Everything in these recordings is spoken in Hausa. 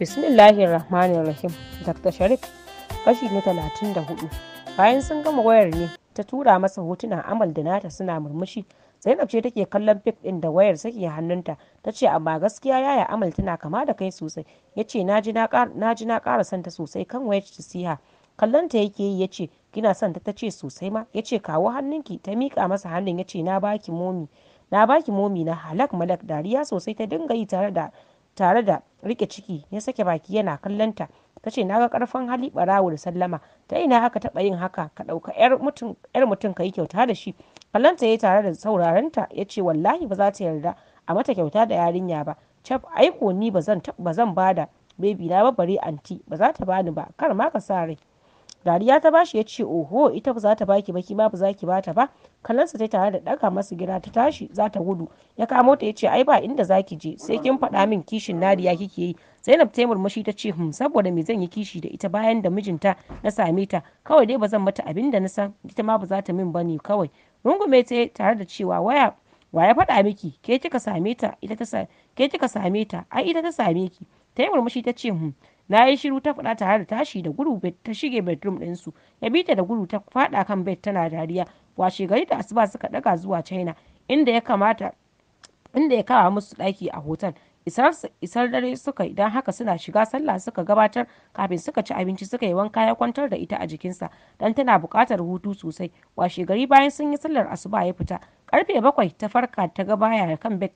bismillahi rahmanir rahim dr sharif kashi na talatin da hudu bayan sun gama wayar ne ta tura masa hotunan amal da nata suna murmushi zainab ce take kallon fik din da wayar sake hannunta ta ce amma gaskiya yaya amal tana kama da kai sosai ya ce na ji na kara santa sosai kan wayar ta siha kallon ta yake yi ya ce kina son ta ta ce sosai ma ya ce kawo hannunki ta miƙa masa hannun ya ce na baki momi na baki momi na halak malak dariya sosai ta dinga yi tare da rike ciki ya sake baki yana kallonta ta ce na ga karfin hali barawo da sallama ta ina aka taba yin haka ka dauka yar mutum ka yi kyauta da shi kallonta ya tare da saurarenta ya ce wallahi ba za ta yarda a mata kyauta da yarinya ba cef aiko ni ba zan bada bebi na ba bari anti ba za ta bani ba kar ma ka sa rai dariya ta bashi ya ce oho ita ba za ta baki ba ki ba za ki bata ba kalansa ta tare da daka masa gida ta tashi za ta gudu ya kamo ta ya ce ai ba inda za ki je sai kin faɗa min kishin nadiya kike yi zainab ta yi murmushi ta ce hum saboda me zan yi kishi da ita bayan da mijinta na same ta kawai dai ba zan mata abin da na san ita ma ba za ta min bane kawai rungume ta tare da cewa waya wa ya faɗa miki ke kika same ta ita ta ke kika same ta ai ita ta same ki ta yi murmushi ta ce hum na yi shiru ta faɗa tare da tashi da gudu ta shige bedroom ɗinsu ya bi da gudu ta faɗa kan bed tana dariya washe gari da asuba suka ɗaga zuwa china inda ya kamata inda ya kawo musu ɗaki a hotel isar dare suka idan haka suna shiga sallah suka gabatar kafin suka ci abinci suka yi wanka ya kwantar da ita a jikinsa dan tana buƙatar hutu sosai washe gari bayan sun yi sallar asuba ya fita karfe bakwai ta farka ta gabaya kan bed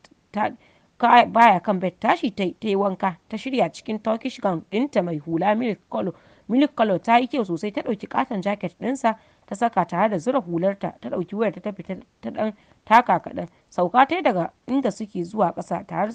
baya kan bed tashi ta yi wanka ta shirya cikin turkish gown dinta mai hula milk color milk color ta yi kyau sosai ta ɗauki katon jacket ɗinsa ta saka tare da zura hularta ta ɗauki wayar ta tafi ta ɗan taka kaɗan sauka ta daga inda suke zuwa ƙasa ta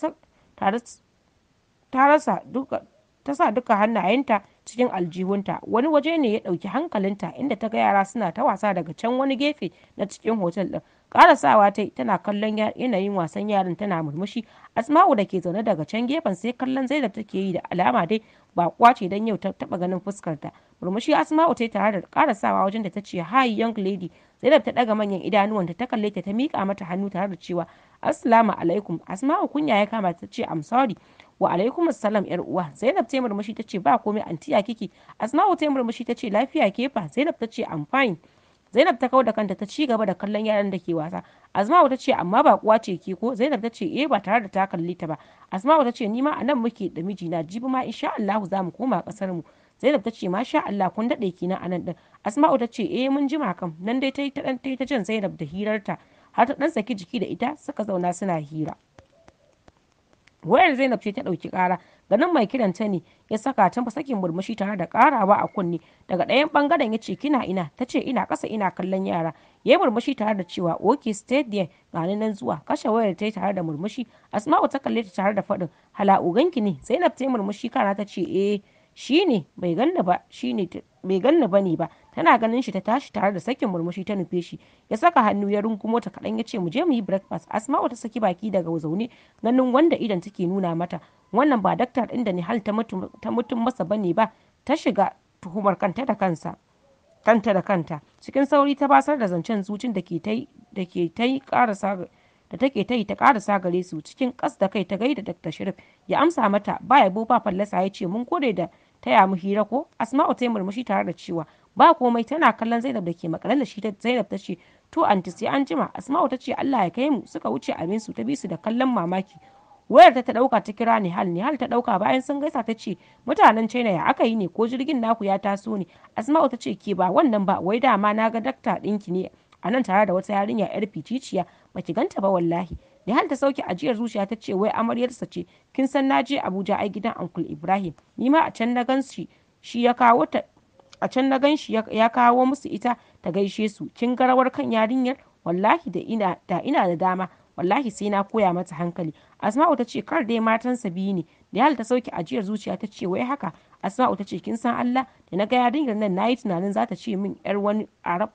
rasa duka ta sa duka hannayenta cikin aljihunta wani waje ne ya ɗauki hankalinta inda ta ga yara suna ta wasa daga can wani gefe na cikin hotel ɗin karasawa ta tana kallon yanayin wasan yaran tana murmushi asma'u da ke zaune daga can gefen sai kallon zai da take yi da alama dai baƙuwa ce don yau ta taba ganin fuskarta murmushi asma'u ta tare da sawa wajen da ta ce hi young lady zainab ta daga manyan idanuwanta ta kalle ta ta mika mata hannu tare da cewa assalamu alaikum asma'u kunya ya kama ta ce i'm sorry wa alaikum assalam yar uwa zainab ta murmushi tace ba komai antiya kiki asma'u ta murmushi tace lafiya fa zainab tace i'm fine zainab ta kau da kanta ta ci gaba da kallon yaran da ke wasa asma'u ta ce amma ba kuwa ce ke ko zainab ta ce eh ba tare da ta kalli ta ba asma'u ta ce ni ma anan muke da mijina jibi ma insha Allah za mu koma kasar mu zainab ta ce masha Allah kun dade kina anan din asma'u ta ce eh mun jima kam nan dai ta yi ta dan ta jan zainab da hirarta har ta dan saki jiki da ita suka zauna suna hira wayar zainab ce ta ɗauki ƙara ganin mai kiran ta ne ya saka ta sakin murmushi tare da ƙarawa a kunne daga ɗayan ɓangaren ya ce kina ina ta ce ina ƙasa ina kallon yara ya yi murmushi tare da cewa oke stay there nan zuwa kashe wayar ta yi tare da murmushi asma'u ta kalle ta tare da faɗin hala'u ganki ne zainab ta yi murmushi kana ta ce eh shi ne bai ganda ba shi bai ganni ne ba tana ganin shi ta tashi tare da sakin murmushi ta nufe shi ya saka hannu ya rungumo ta kaɗan ya ce mu je mu yi breakfast asma'u ta saki baki daga zaune ganin wanda idan take nuna mata wannan ba daktar ɗin da nihal ta mutum masa bane ba ta shiga tuhumar kanta da kansa kanta da kanta cikin sauri ta basar da zancen zucin da ke ta yi karasa da take ta yi ta karasa gare su cikin kas da kai ta gaida Dr. Sharif ya amsa mata ba yabo ba fallasa ya ce mun kore da taya mu hira ko asma'u ta yi murmushi tare da cewa ba komai tana kallon zainab da ke makalan da shi ta zainab ta ce to anti sai an jima asma'u ta ce allah ya kai mu suka wuce abin su ta bi su da kallon mamaki wayar ta ta dauka ta kira ni Nihal Nihal ta dauka bayan sun gaisa ta ce mutanen China ya aka yi ne ko jirgin naku ya taso ne Asma'u ta ce ke ba wannan ba wai dama na ga dakta dinki ne a nan tare da wata yarinya yar ficiciya ki ganta ba wallahi hal ta sauke ajiyar zuciya ta ce wai amaryarsa ce kin san na je Abuja ai gidan Uncle Ibrahim ni ma a can na gan shi ya kawo ta a can na gan ya kawo musu ita ta gaishe su kin garawar kan yarinyar wallahi da ina da ina da dama wallahi sai na koya mata hankali asma'u ta ce kar dai matansa biyu ne da ta sauke ajiyar zuciya ta ce wai haka asma'u ta ce kin san Allah da na ga yarinyar nan nayi tunanin za ta ce min yar wani arab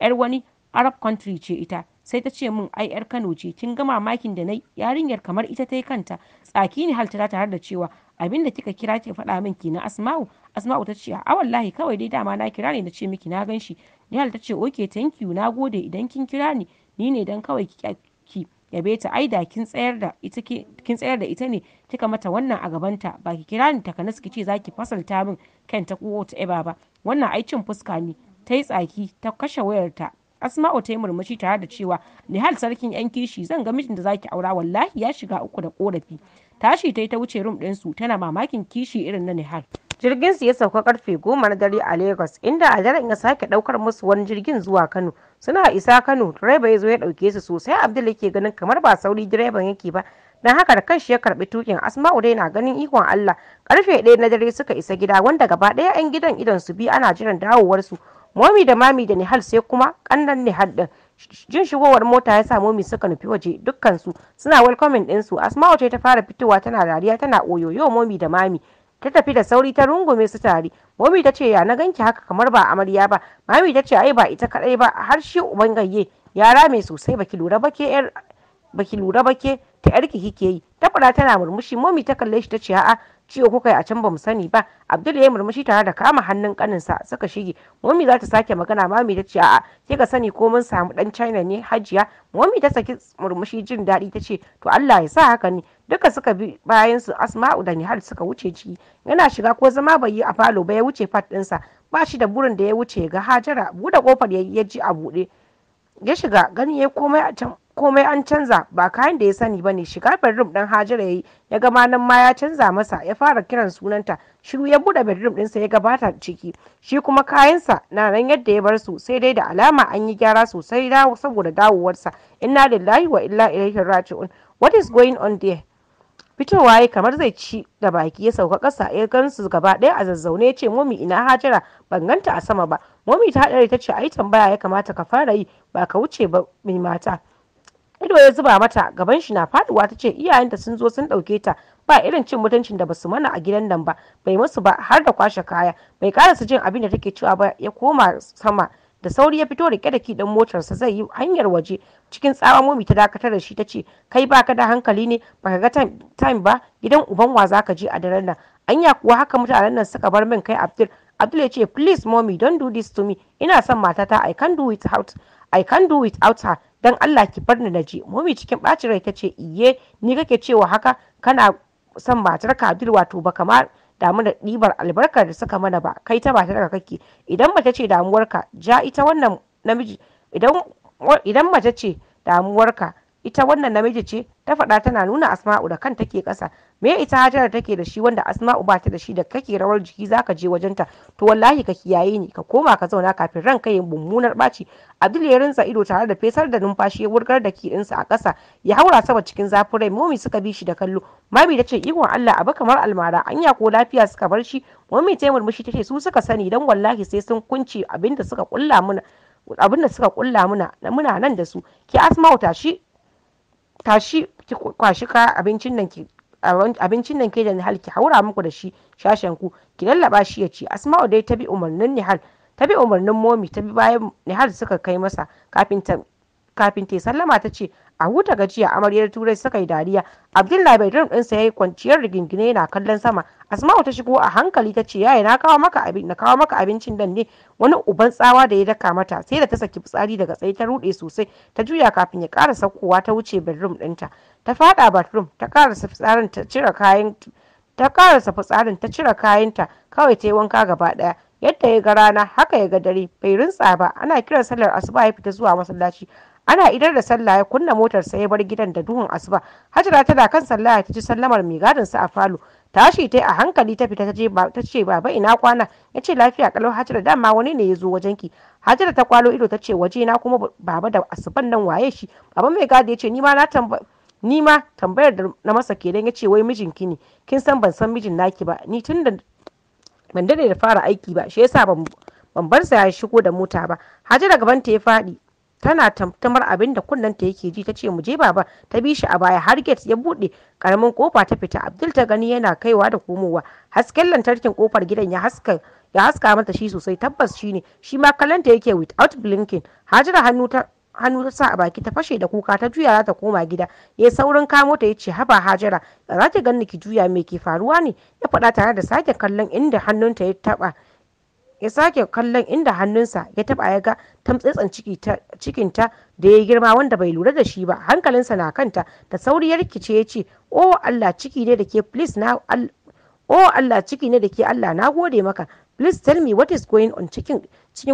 yar wani arab country ce ita sai ta ce min ai yar Kano ce kin ga mamakin da nayi yarinyar kamar ita ta kanta tsaki ne halta tare da cewa abin da kika kira ke faɗa min kenan Asma'u Asma'u ta ce a wallahi kawai dai dama na kira ne na ce miki na gan shi Nihal ta ce okay thank you na gode idan kin kira ni ni ne dan kawai ki yabe ta ai da kin tsayar da ita kin tsayar da ita ne kika mata wannan a gabanta ba ki kira ni takanas ki ce zaki fasalta min kanta ko ta eba ba wannan aicin fuska ne ta yi tsaki ta kashe wayarta Asma'u ta yi murmushi tare da cewa Nihal sarkin yan kishi zan ga mijin da zaki aura wallahi ya shiga uku da korafi. Tashi ta yi ta wuce rum su tana mamakin kishi irin na Nihal. Jirgin su ya sauka karfe goma na dare a Lagos inda a daren ya sake daukar musu wani jirgin zuwa Kano. Suna isa Kano direba ya zo ya dauke su sosai Abdul yake ganin kamar ba sauri direban yake ba dan haka da kanshi ya karbi tukin asma'u dai na ganin ikon Allah karfe 1 na dare suka isa gida wanda gaba daya 'yan gidan idan su bi ana jiran dawowar su momi da mami da nihal sai kuma kannan nihal din jin shigowar mota ya sa momi suka nufi waje dukkansu suna welcoming ɗinsu asma'u ce ta fara fitowa tana dariya tana oyoyo momi da mami ta tafi da sauri ta rungume su tare momi ta ce ya na ganki haka kamar ba amarya ba mami ta ce ai ba ita kadai ba har shi uban gayye yara mai sosai baki lura ba ke yar baki lura ba ke ta yarki kike yi ta fara tana murmushi momi ta kalle shi ta ce a'a ciwo kuka yi a can bamu sani ba abdul ya murmushi tare da kama hannun kaninsa suka shige momi za ta sake magana mami ta ce a'a ke ka sani ko mun samu dan china ne hajiya momi ta saki murmushi jin daɗi ta ce to allah ya sa haka ne duka suka bi bayan su asma'u da nihal suka wuce ciki yana shiga ko zama bai yi a falo ba ya wuce fat ɗinsa ba shi da burin da ya wuce ga hajara buɗe kofar ya ji a buɗe ya shiga gani ya komai a can komai an canza ba kayan da ya sani ba ne shiga bedroom ɗin hajira ya yi ya ga malam ma ya canza masa ya fara kiran sunanta shiru ya buɗe bedroom ɗinsa ya gabata ciki shi kuma kayansa na nan yadda ya bar su sai dai da alama an yi gyara sosai saboda dawowarsa inna lillahi wa illa ilaihi raji'un what is going on there fitowa yi kamar zai ci da baki ya sauka kasa ya gansu gaba ɗaya a zazzaune ya ce momi ina hajara ban ganta a sama ba momi ta haɗari ta ce ai tambaya ya kamata ka fara yi ba ka wuce ba mai mata ido ya zuba mata gaban shi na faduwa ta ce iyayenta sun zo sun ɗauke ta ba irin cin mutuncin da basu mana a gidan nan ba bai musu ba har da kwashe kaya bai karasa jin abin da take cewa ba ya koma sama da sauri ya fito rike da kiɗin motarsa zai yi hanyar waje cikin tsawa momi ta dakatar da shi ta ce kai baka da hankali ne baka ga time ba gidan uban wa zaka je a daren nan anya kuwa haka mutanen nan suka bar min kai abdul abdul ya ce please mommy don't do this to me ina son matata i can do without i can do without her dan Allah ki bar ni naje momi cikin bacin rai ta ce iye ni kake cewa haka kana son matar ka abdul wato baka ma damu da ɗibar albarkar da suka mana ba kai ta matar daga kake idan mace ce damuwarka ja ita wannan namiji idan mace ce damuwarka ita wannan namiji ce ta faɗa tana nuna asma'u da kan take ƙasa me ita hajara take da shi wanda asma'u ba ta da shi da kake rawar jiki zaka je wajenta to wallahi ka kiyaye ni ka koma ka zauna kafin ran kai mummunar ɓaci abdul ya rinsa ido tare da fesar da numfashi ya wurgar da kiɗinsa a ƙasa ya haura sama cikin zafin rai momi suka bi shi da kallo mami ta ce ikon allah abu kamar almara anya ko lafiya suka bar shi momi ta yi murmushi ta ce su suka sani don wallahi sai sun kunce abinda suka kulla muna abin suka kulla muna muna nan da su ki asma'u tashi tashi ki kwashi ka abincin nan ki abincin nan ke da Nihal ki haura muku da shi shashen ku ki lallaba shi ya ci Asma'u dai ta bi umarnin Nihal ta bi umarnin Momi ta bi bayan Nihal suka kai masa kafin ta kafin ta sallama ta ce a huta gajiya amaryar turai suka yi dariya abdullahi bai drum ɗinsa ya yi kwanciyar rigingine yana kallon sama asma'u ta shigo a hankali ta ce yaya na kawo maka abin na kawo maka abincin dan ne wani uban tsawa da ya daka mata sai da ta saki fitsari daga tsaye ta rude sosai ta juya kafin ya ƙara saukowa ta wuce bedroom ɗinta ta faɗa bathroom ta ƙarasa fitsarin ta cire kayan ta ƙarasa fitsarin ta cire kayanta kawai ta yi wanka gaba ɗaya yadda ya ga rana haka ya ga dare bai rintsa ba ana kiran sallar asuba ya fita zuwa masallaci ana idar da sallah ya kunna motarsa ya bar gidan da duhun asuba hajara tana kan sallah ta ji sallamar mai gadin sa a falo tashi ta a hankali ta fita ta ce baba ina kwana yace lafiya kalau hajara dama wani ne ya zo wajen ki hajara ta kwalo ido ta ce waje na kuma baba da asuban nan waye shi baba mai gadi ya ce ni ma na tamba ni ma tambayar da na masa kenan ya ce wai mijin ki ne kin san ban san mijin naki ba ni tun da ban dade da fara aiki ba shi yasa ban ban bar sa ya shigo da mota ba hajara gaban ta ya faɗi tana tamtamar abin da kunnenta yake ji ta ce mu je baba ta bi shi a baya har gate ya bude karamin kofa ta fita abdul ta gani yana kaiwa da komowa hasken lantarkin kofar gidan ya haska ya haska mata shi sosai tabbas shine shi ma kallonta yake without blinking hajira hannu ta hannu ta sa a baki ta fashe da kuka ta juya za ta koma gida ya saurin kamo ta yace haba hajara za ta ganni ki juya me ke faruwa ne ya faɗa tare da sake kallon inda hannunta ya taba. ya sake kallon inda hannunsa ya taba ya ga tamtsitsin cikinta da ya girma wanda bai lura da shi ba hankalinsa na kanta da sauri ya rikice ya ce o allah ciki ne da ke na Allah na gode maka please tell me what is going on cikin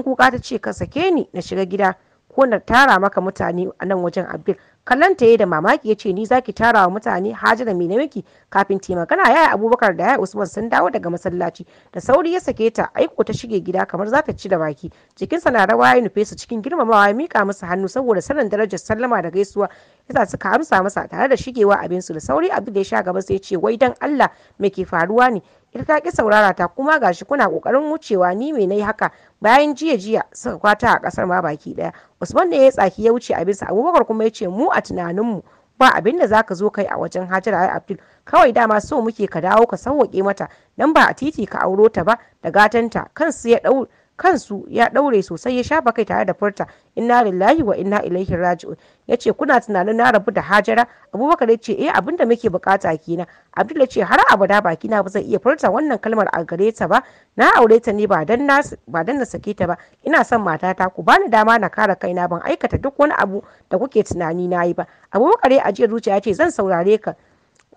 kuka ta ce ka sake ni na shiga gida ko na tara maka mutane a nan wajen abin kallon ta da mamaki ya ce ni zaki tara wa mutane hajira mai namiki kafin ta magana yaya abubakar da yaya usman sun dawo daga masallaci da sauri ya sake ta aiko ta shige gida kamar zata ci da baki jikinsa na rawa ya nufe su cikin girmamawa ya mika musu hannu saboda sanin darajar sallama da gaisuwa yasa suka amsa masa tare da shigewa abinsu da sauri abin da ya sha gaba sai ce wai dan Allah me ke faruwa ne ita ta ki saurara ta kuma gashi kuna kokarin wucewa ni me nayi haka bayan jiya jiya suka kwata a kasar ma baki daya usman ne ya tsaki ya wuce a bisa abubakar kuma ya ce mu a tunanin mu ba abin da zaka zo kai a wajen hajara ai abdul kawai dama so muke ka dawo ka sawwake mata dan ba a titi ka auro ta ba da gatanta kansu ya dau kansu ya daure sosai ya shafa kai tare da furta inna lillahi wa inna ilaihi raji'un yace kuna tunanin na rabu da hajara abubakar ya ce eh abin da muke bukata kenan abdul yace har abada baki na ba zai iya furta wannan kalmar a gare ta ba na aure ta ne ba dan na ba dan na sake ta ba ina son matata ku bani dama na kare kaina ban aikata duk wani abu da kuke tunani nayi ba abubakar ya ajiyar zuciya yace ce zan saurare ka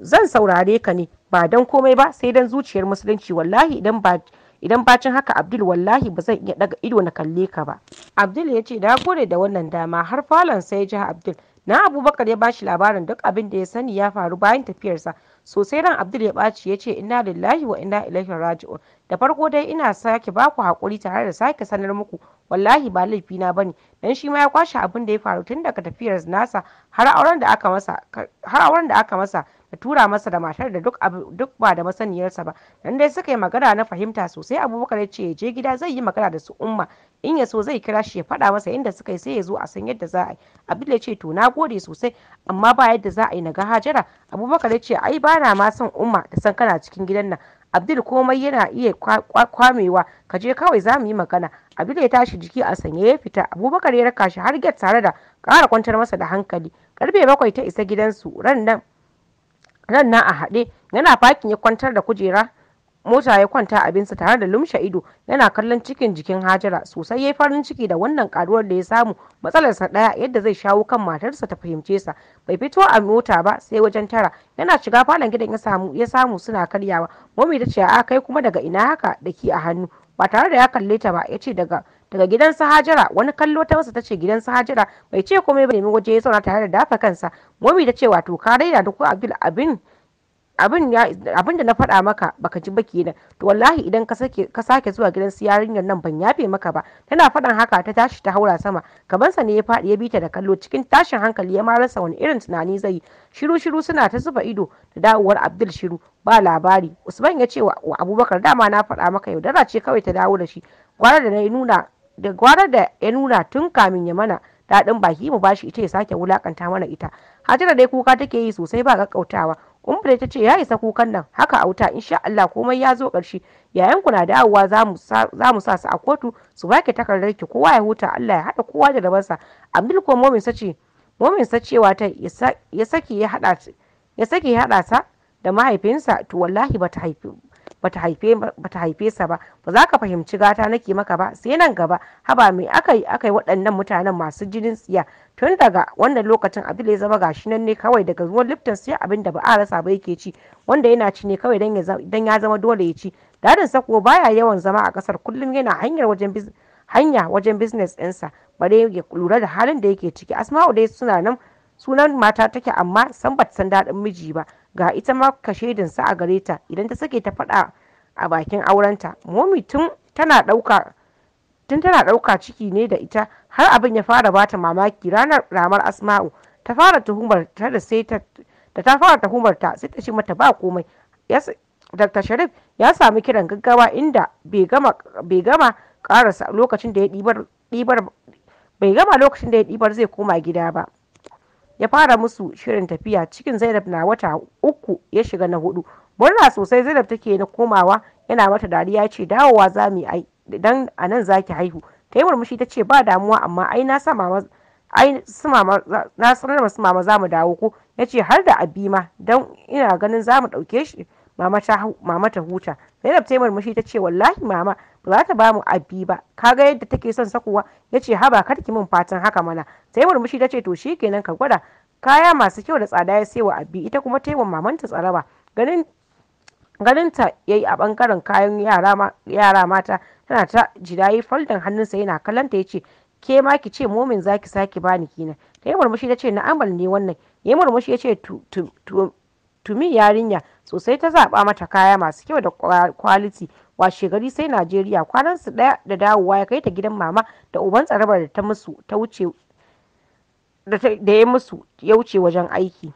zan saurare ka ne ba dan komai ba sai dan zuciyar musulunci wallahi idan ba idan bacin haka abdul wallahi ba zan iya daga ido na kalle ka ba abdul ya ce da gode da wannan dama har falon sai ji abdul na abubakar ya bashi labarin duk abin da ya sani ya faru bayan tafiyarsa sosai ran abdul ya ɓaci ya ce inna lillahi wa inna ilaihi raji'un da farko dai ina sake baku hakuri tare da sake sanar muku wallahi ba laifi na bane dan shi ma ya kwashe abin da ya faru tun daga tafiyar nasa har auren da aka masa har auren da aka masa da tura masa da matar da duk ba da masaniyarsa ba dan dai suka yi magana na fahimta sosai abubakar ya ce ya je gida zai yi magana da su umma in ya so zai kira shi ya faɗa masa inda suka yi sai ya zo a san yadda za a yi abdul ya ce to na gode sosai amma ba yadda za a yi na ga hajara abubakar ya ce ai ba na ma son umma da san kana cikin gidan nan abdul komai yana iya kwamewa ka je kawai za mu yi magana abdul ya tashi jiki a sanye ya fita abubakar ya raka shi har get tare da ƙara kwantar masa da hankali karfe bakwai ta isa gidansu ran nan ran na a haɗe yana fakin ya kwantar da kujera mota ya kwanta abinsa tare da lumshe ido yana kallon cikin jikin hajara sosai ya yi farin ciki da wannan karuwar da ya samu matsalarsa ɗaya yadda zai shawo kan matarsa ta fahimce sa bai fito a mota ba sai wajen tara yana shiga falon gidan ya samu ya samu suna karyawa momi ta ce a kai kuma daga ina haka da ki a hannu ba tare da ya kalle ta ba yace daga daga gidan su hajara wani kallo ta masa tace gidan su hajara bai ce komai ba nemi waje ya zauna tare da dafa kansa momi ta ce wato ka raina da abin abdul abin abin da na faɗa maka baka ji ba kenan to wallahi idan ka sake zuwa gidan su yarinyar nan ban yafe maka ba tana faɗan haka ta tashi ta haura sama gabansa ne ya faɗi ya bita da kallo cikin tashin hankali ya marasa wani irin tunani zai yi shiru shiru suna ta zuba ido da dawowar abdul shiru ba labari usman ya ce wa abubakar dama na faɗa maka yaudara ce kawai ta dawo da shi gwara da na nuna da gwara da ya nuna tun kamin ya mana daɗin baki mu bashi ita ya sake wulakanta mana ita hajara dai kuka take yi sosai ba kakkautawa umma ta ce ya isa kukan nan haka a wuta insha Allah komai ya zo ƙarshe yayan ku na dawowa za mu sa su a kotu su baki takardar ki kowa ya huta Allah ya haɗa kowa da rabansa Abdul ko momin ce momin sacewa ta ya saki ya haɗa ya saki ya haɗa sa da mahaifinsa to wallahi bata haifi bata haife sa ba ba za ka fahimci gata nake maka ba sai nan gaba haba mai aka yi waɗannan mutanen masu jinin tsiya tun daga wannan lokacin abdul ya zama gashi nan ne kawai daga ruwan lipton sai abin da ba a rasa ba yake ci wanda yana ci ne kawai dan ya zama dole ya ci dadin sa kuwa baya yawan zama a kasar kullum yana hanyar wajen hanya wajen business ɗinsa bare ya lura da halin da yake ciki asma'u dai suna nan sunan mata take amma san bata san daɗin miji ba ga ita ma sa a gare ta idan ta sake ta faɗa a bakin aurenta momi tun tana ɗauka tun tana ɗauka ciki ne da ita har abin ya fara bata mamaki ranar ramar asma'u ta fara tuhumar ta da sai ta da ta fara tuhumar ta sai ta ce mata ba komai Dr. Sharif ya samu kiran gaggawa inda bai gama karasa lokacin da ya ɗibar bai gama lokacin da ya ɗibar zai koma gida ba ya fara musu shirin tafiya cikin zainab na wata uku ya shiga na hudu murna sosai zainab take na komawa yana mata dariya ce dawowa za mu yi dan a nan za ki haihu ta yi murmushi ta ce ba damuwa amma ai na sa mama ai na sanar masu mama za mu dawo ko ya ce har da abima dan don ina ganin za mu ɗauke shi mama ta huta zainab ta murmushi ta ce wallahi mama ba za ta ba mu abi ba kaga yadda take son sakowa ya ce haba kar ki min fatan haka mana ta murmushi ta ce to shi kenan ka gwada kaya masu kyau da tsada ya wa abi ita kuma ta yi wa mamanta tsaraba ganin ta ya yi a bangaren kayan yara mata tana ta jirayi faldan hannunsa yana kallanta ya ce ke ma ki ce momin zaki sake bani kina ta yi murmushi ta ce na'amal ne wannan ya yi murmushi ya ce tumi yarinya sosai ta zaba mata kaya masu kyau da kwaliti washe gari sai najeriya kwanansu ɗaya da dawowa ya kai ta gidan mama da uban tsarabar da da ya musu ya wuce wajen aiki